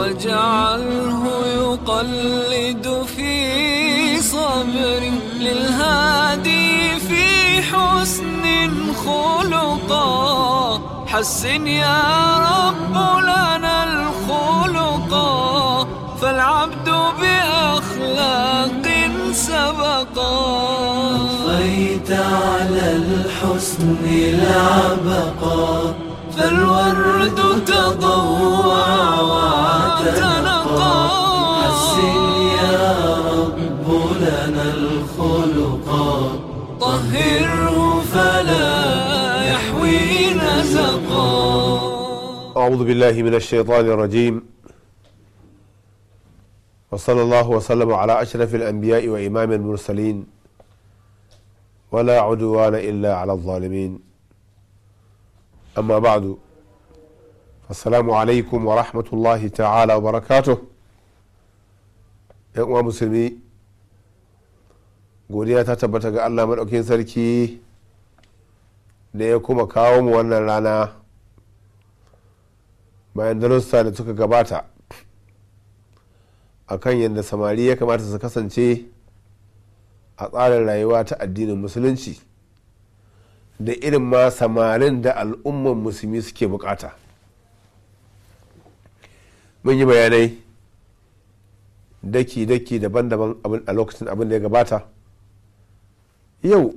واجعله يقلد في صبر للهادي في حسن خلقا حسن يا رب لنا الخلقا فالعبد بأخلاق سبقا خيت على الحسن العبقا فالورد تضاء أعوذ بالله من الشيطان الرجيم وصلى الله وسلم على أشرف الأنبياء وإمام المرسلين ولا عدوان إلا على الظالمين أما بعد فالسلام عليكم ورحمة الله تعالى وبركاته يا أمم مسلمي قولي ta ألا ga Allah maɗaukin sarki da ya kuma bayan darussa da suka gabata a kan yadda samari ya kamata su kasance a tsarin rayuwa ta addinin musulunci da irin ma samarin da al'umman musulmi suke bukata mun yi bayanai daki-daki daban-daban a lokacin abin da ya gabata yau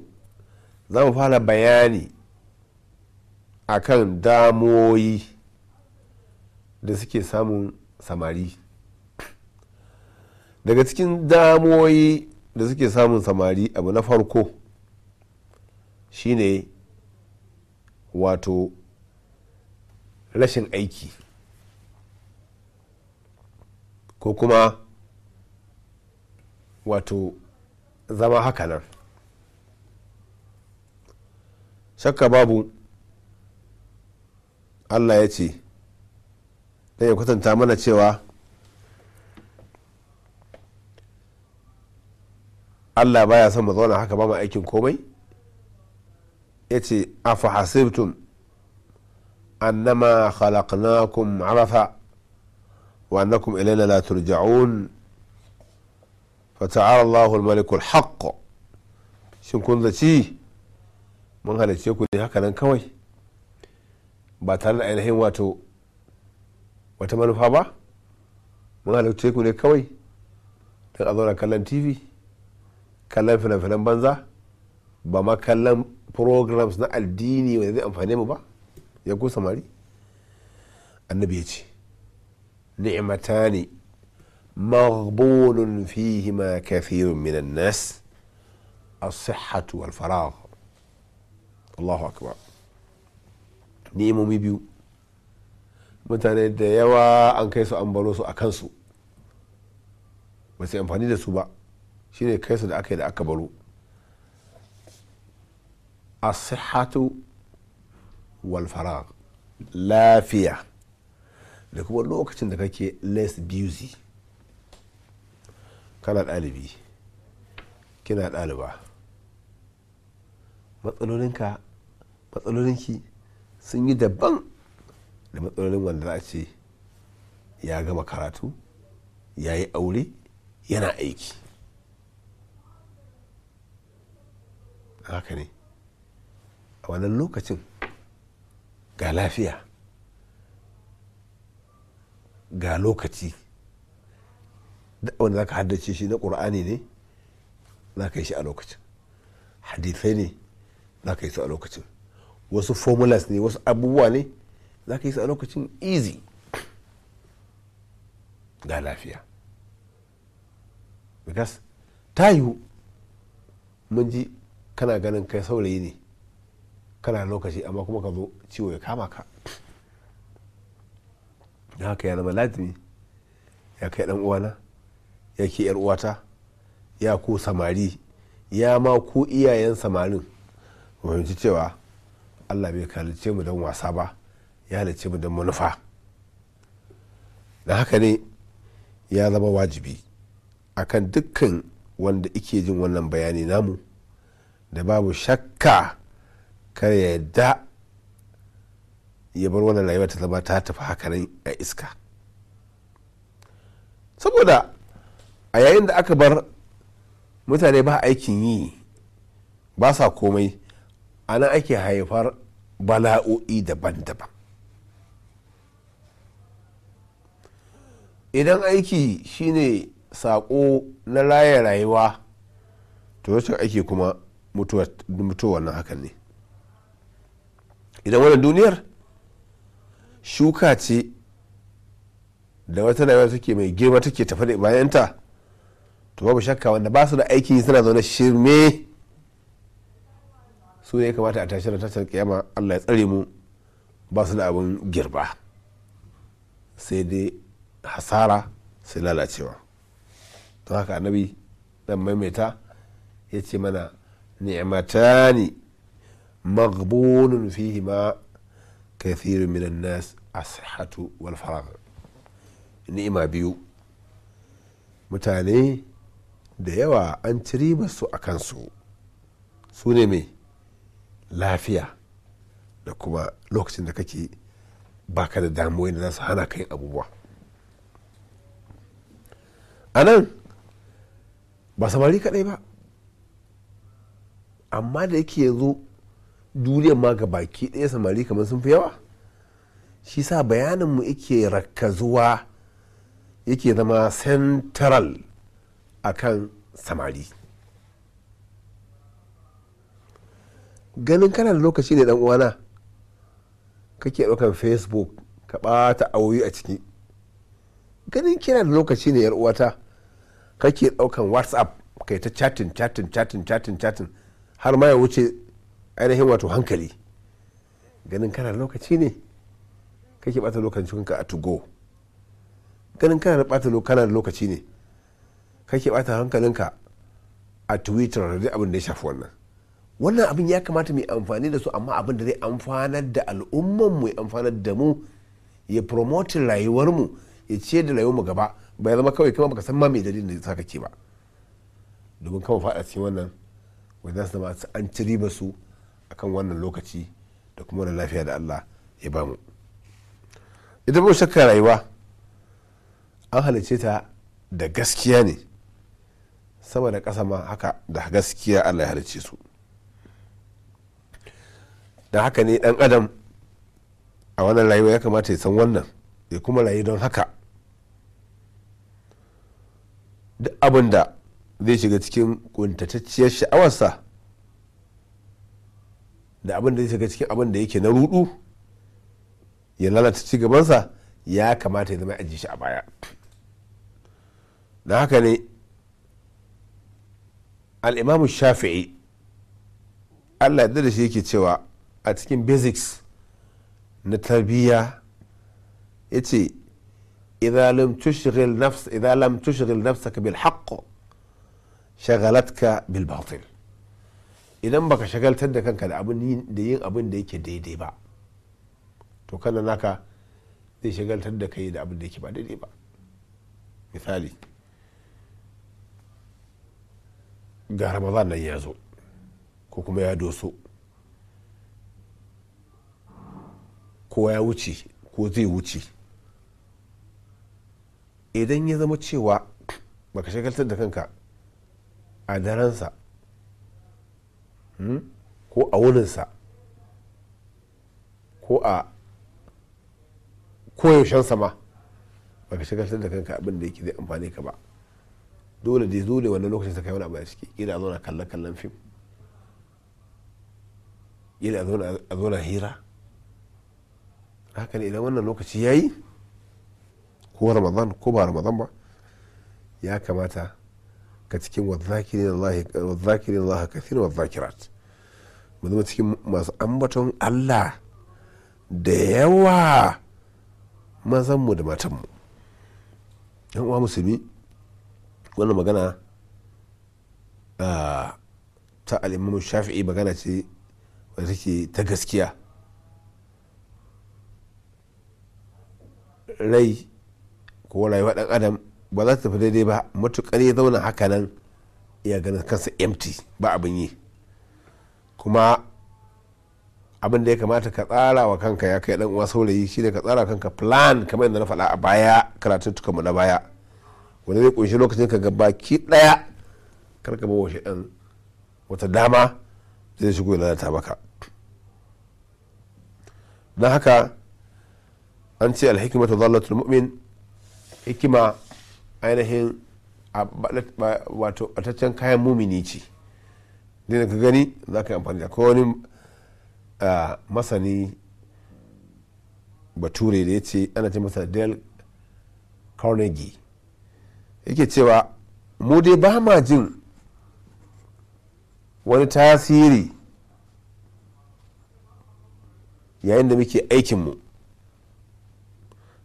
za mu fara bayani akan damoyi da suke samun samari daga cikin damoyi da suke samun samari abu na farko shine wato rashin aiki ko kuma wato zama nan shakka babu allah ya ce sai ya kwatanta mana cewa allah baya son mu zauna haka ba mu aikin komai ya ce afa hasibtum annama khalaqnakum arafa wa annakum ilaina la turja'un fata'ala allahu malikul haqq shin kun zaci mun halarci ku ne haka nan kawai ba tare da ainihin wato wata manufa ba mun halittu ku ne kawai don a zauna kallon tv kallon filan-filan banza ba ma kallon programs na addini wanda zai amfane mu ba ya ku samari annabi ya ce ni'imata ne fihi fihima kafirin minan nas a sihatu wal Allahu akbar ni'imomi biyu mutane da yawa an kai su an baro su a kansu ba su amfani da su ba shi ne kai su da aka yi da aka baro asihatu wal farag lafiya da kuma lokacin da kake less busy kana ɗalibi kina ɗaliba matsalolinka matsalolinki sun yi daban da matsalolin wanda za a ce ya gama karatu ya yi aure yana aiki haka ne a wannan lokacin ga lafiya ga lokaci wanda za ka haddace shi na ƙur'ani ne za ka yi shi a lokacin hadithai ne za ka yi su a lokacin wasu formulas ne wasu abubuwa ne za ka yi su a lokacin easy ga lafiya because ta yiwu mun ji kana ganin kai saurayi ne kana lokaci amma kuma ka zo ciwo ya kama ka da haka ya zama lazimi ya kai dan uwana ya ke yar uwata ya ko samari ya ma ko iyayen samarin fahimci cewa allah bai kalice mu don wasa ba ya lace mu don manufa da haka ne ya zama wajibi akan dukkan wanda ike jin wannan bayani namu da babu shakka kar ya yadda ya bar wannan rayuwa ta zama ta tafi hakanan a iska saboda a yayin da aka bar mutane ba aikin yi ba sa komai ana ake haifar bala'o'i daban-daban idan aiki shine sako na raya rayuwa to wacce aiki kuma mutuwa na hakan ne idan wannan duniyar shuka ce da wata rayuwa take mai girma take tafi da bayanta to babu shakka wanda ba su da aiki suna zaune shirme su ne ya kamata a tashi da tattar kiyama allah ya tsare mu ba su da abin girba sai dai hasara sai lalacewa to haka annabi dan maimaita ya ce mana ni'matani maghbunun fihima kathirun minan nas ashatu wal farag ni'ima biyu mutane da yawa an ci ribarsu a kansu su ne mai lafiya da kuma lokacin da kake baka da damuwa da za su hana kai abubuwa a nan ba samari kadai ba amma da yake zo duniyar ma ga baki ɗaya samari kamar sun fi yawa shi sa bayaninmu yake rakkazuwa yake zama central a kan samari ganin kana da lokaci ne uwana kake ɗaukan facebook ka ɓata auyi a ciki ganin kina da lokaci ne uwata kake daukan whatsapp kai ta chatin chatin chatin chatin chatin har ma ya wuce ainihin wato hankali ganin kana lokaci ne kake bata lokacin ka a tugo ganin kana bata kana lokaci ne kake bata hankalinka a twitter da abin da ya shafi wannan wannan abin ya kamata mu yi amfani da su amma abin da zai amfanar da al'umman mu ya amfanar da mu ya promote rayuwar mu ya ce da rayuwar mu gaba ba ya zama kawai kuma baka san ma mai dalilin da sa kake ba domin kama faɗa cikin wannan wanda su zama an ci riba su a kan wannan lokaci da kuma wannan lafiya da Allah ya ba mu ita ba shakka rayuwa an halice ta da gaskiya ne sama da kasa ma haka da gaskiya Allah ya halice su da haka ne dan adam a wannan rayuwa ya kamata ya san wannan ya kuma rayu don haka duk abin da zai shiga cikin kuntatacciyar sha'awarsa da abin da zai shiga cikin abin da yake na rudu ya lalata ci gabansa ya kamata ya zama ajiye shi a baya da haka ne al'imamu shafi'i allah da shi yake cewa a cikin basics na tarbiyya ya ce إذا لم تشغل نفس إذا لم تشغل نفسك بالحق شغلتك بالباطل idan baka shagaltar da kanka da yin abin da yake daidai ba to kana naka zai shagaltar da kai da abin da yake ba daidai ba misali ga ramadan nan ya zo ko kuma ya doso ko ya wuce ko zai wuce idan ya zama cewa baka shagaltar da kanka a daransa hmm, ko a wuninsa ko a koyaushensa ma baka shagaltar da kanka abin da yake zai amfani ka ba dole da dole wannan lokacin ta kai wani abu a ciki kila a zauna kallon kallon fim kila a zauna hira haka ne idan wannan lokaci ya yi ko ramadan ko ba ramadan ba ya kamata ka cikin wadzakirin Allah kathir wadzakirat mu zama cikin masu ambaton Allah da yawa mazanmu da matanmu yan uwa musulmi wannan magana ah, ta al'imamu shafi'i magana ce wadda take ta gaskiya rai ko rayuwa dan adam ba za ta tafi daidai ba matukar ya zauna haka nan ya ganin kansa empty ba abin yi kuma abin da ya kamata ka tsara wa kanka ya kai dan uwa saurayi shine ka tsara kanka plan kamar yadda na faɗa a baya mu na baya wanda zai kunshi lokacin ka ki daya kar ka washe dan wata dama zai shigo ya lalata maka don haka an ce alhikimatu zallatul mu'min hikima ainihin a bataccen kayan mumini ce da ka gani za ka yi amfani da wani masani bature da ya ce ana ce masa del carnegie yake cewa mu dai ba ma jin wani tasiri yayin da muke aikinmu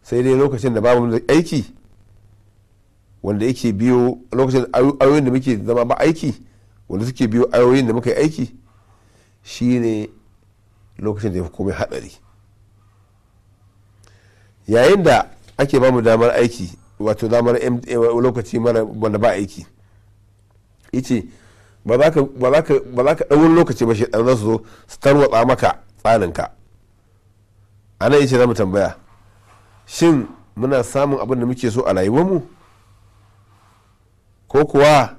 sai dai lokacin da babu aiki wanda yake biyo lokacin ayoyin da muke zama ba aiki wanda suke biyo ayoyin da muka yi aiki shine lokacin da ya fi komai hadari yayin da ake ba mu damar aiki wato damar eh, lokaci mara wanda ba aiki ice ba za ka ɗaurin lokaci ba shi ɗan su zo su tarwatsa maka tsarinka ana yi ce za mu tambaya shin muna samun abin da muke so a rayuwarmu ko kuwa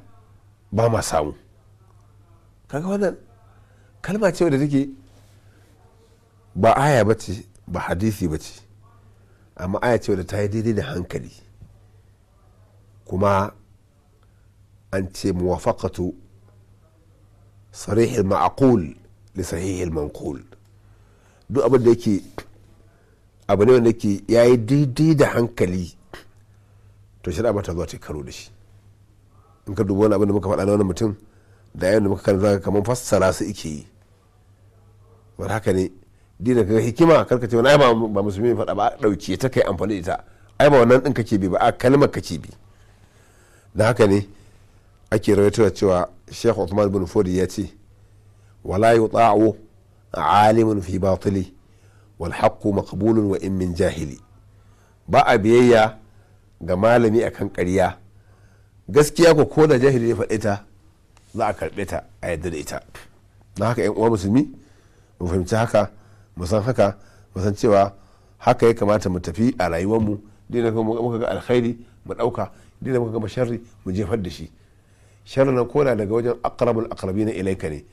ba ma samu kaga wannan kalma ce da take ba aya ba ce ba hadisi ba ce amma aya ce da ta yi daidai da hankali kuma an ce muwafaqatu sarihil ma'aqul li sahihil manqul duk abin da yake abu ne wanda ke ya yi daidai da hankali to shi ba ta zuwa ta karo da shi in ka duba wani abin da muka faɗa na wani mutum da yayin da muka kan zaka kamar fassara su ike yi wani haka ne dina ka hikima karka ce wani ba musulmi faɗa ba ɗauke ta kai amfani da ita ai ba wannan ɗin kake bi ba a kalmar kake bi da haka ne ake da cewa sheikh usman bin fodi ya ce wala yuta'u alimun fi batili wal haqqu maqbulun wa in min jahili ba a biyayya ga malami akan ƙarya gaskiya ko ko da jahili ne faɗi ta za a karɓe ta a yadda da ita na haka yan uwa musulmi mu fahimci haka mu san haka mu san cewa haka ya kamata mu tafi a rayuwarmu da muka ga alkhairi mu ɗauka da muka ga sharri mu jefar da shi sharri nan koda daga wajen aqrabul aqrabina ilayka ne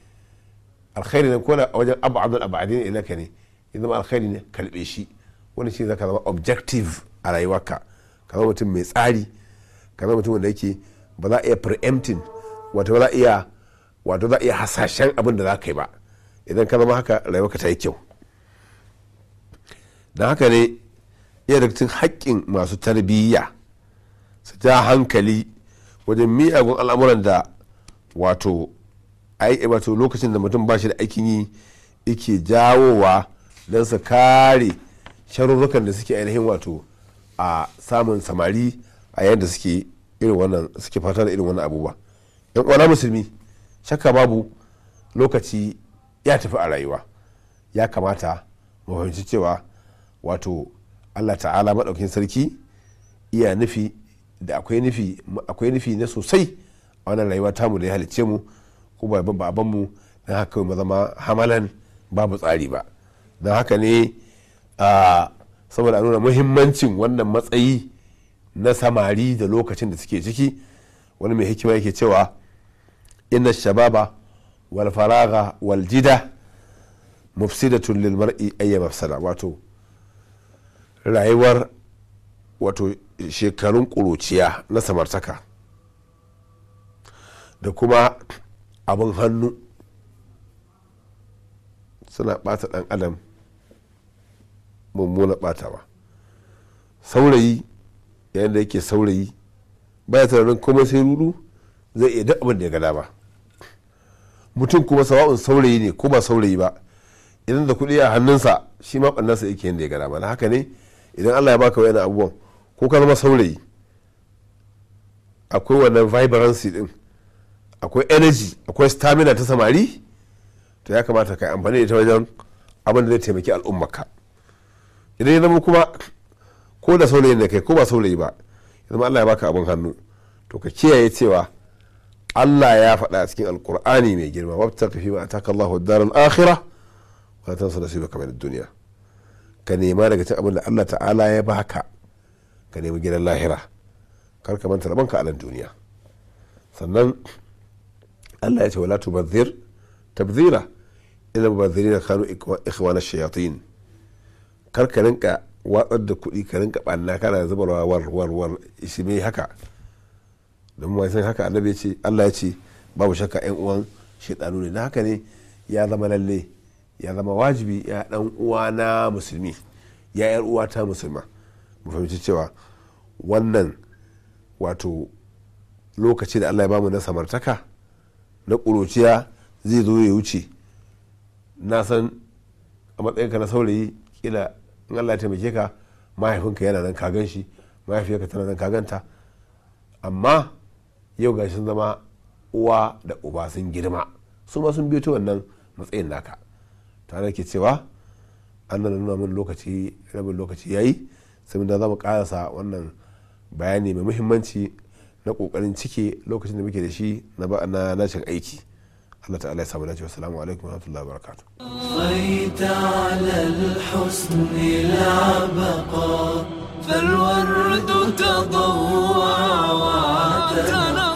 alkhairi nan da wajen ab'adul ab'adina ilayka ne ya zama alkhairi ne karbe shi wani shi zaka zama objective a rayuwarka ka zama mutum mai tsari ka zama mutum wanda yake ba za a iya preempting wato ba za iya wato za iya hasashen abin da za ka yi ba idan ka zama haka rayuwarka ta yi kyau don haka ne iya daga cikin haƙƙin masu tarbiyya su ta hankali wajen miyagun al'amuran da wato wato lokacin da mutum ba shi da aikin yi yake jawowa don su kare sharurrukan da suke ainihin wato a samun samari a yadda suke irin wannan suke fata da irin wannan abubuwa yan uwana musulmi shakka babu lokaci ya tafi a rayuwa ya kamata mu fahimci cewa wato allah ta'ala maɗaukin sarki iya nufi da akwai nufi na sosai a wannan rayuwa mu da ya halicce mu ko ba baban mu na haka mu zama hamalan babu tsari ba da haka ne a saboda nuna muhimmancin wannan matsayi na samari da lokacin da suke ciki wani mai hikima yake cewa ina shababa wal faraga wal jida mufsidatun lil mar'i ayya mafsada wato rayuwar wato shekarun ƙuruciya na samartaka da kuma abin hannu suna ɓata ɗan adam mummuna ba saurayi yayin da yake saurayi baya tunanin komai sai ruru zai iya duk abin da ya gada ba mutum kuma sawa'un saurayi ne ko ba saurayi ba idan da kuɗi a hannunsa shi ma ɓannansa yake da ya gada ba na haka ne idan allah ya baka wani abubuwan ko ka zama saurayi akwai wannan vibrancy din akwai energy akwai stamina ta samari to ya kamata ka yi amfani da ita wajen abin da zai taimaki al'ummarka idan ya zama kuma ko da saurayi da kai ko ba saurayi ba ya zama Allah ya baka abin hannu to ka kiyaye cewa Allah ya faɗa a cikin alkur'ani mai girma ta fi ma ataka Allahu ad-daral ba ta tansa nasibaka min ad duniya ka nema daga cikin abin da Allah ta'ala ya baka ka nemi gidan lahira kar ka manta rabanka a nan duniya sannan Allah ya ce wala tubadhir tabdhira idan mubadhirina kanu ikhwana shayatin kar ka rinka watsar da kuɗi ka rinka ɓanna kana zubarwa war war war shi mai haka don mai san haka annabi ce Allah ya ce babu shakka ƴan uwan shaidanu ne na haka ne ya zama lalle ya zama wajibi ya ɗan uwa na musulmi ya yar uwa ta musulma mu fahimci cewa wannan wato lokaci da Allah ya bamu na samartaka na ƙuruciya zai zo ya wuce na san a matsayinka na saurayi kila in allah ya taimake ka mahaifinka yana nan ka gan shi mahaifiyarka tana nan ka amma yau ga sun zama uwa da uba sun girma su ma sun biyo ta wannan matsayin naka tare ke cewa an nan nuna min lokaci rabin lokaci yayi sai da za mu karasa wannan bayani mai muhimmanci na kokarin cike lokacin da muke da shi na nashin aiki الله تعالى يسامحك والسلام عليكم ورحمة الله وبركاته صليت على الحسن العبقى فالورد تضوى وعتنى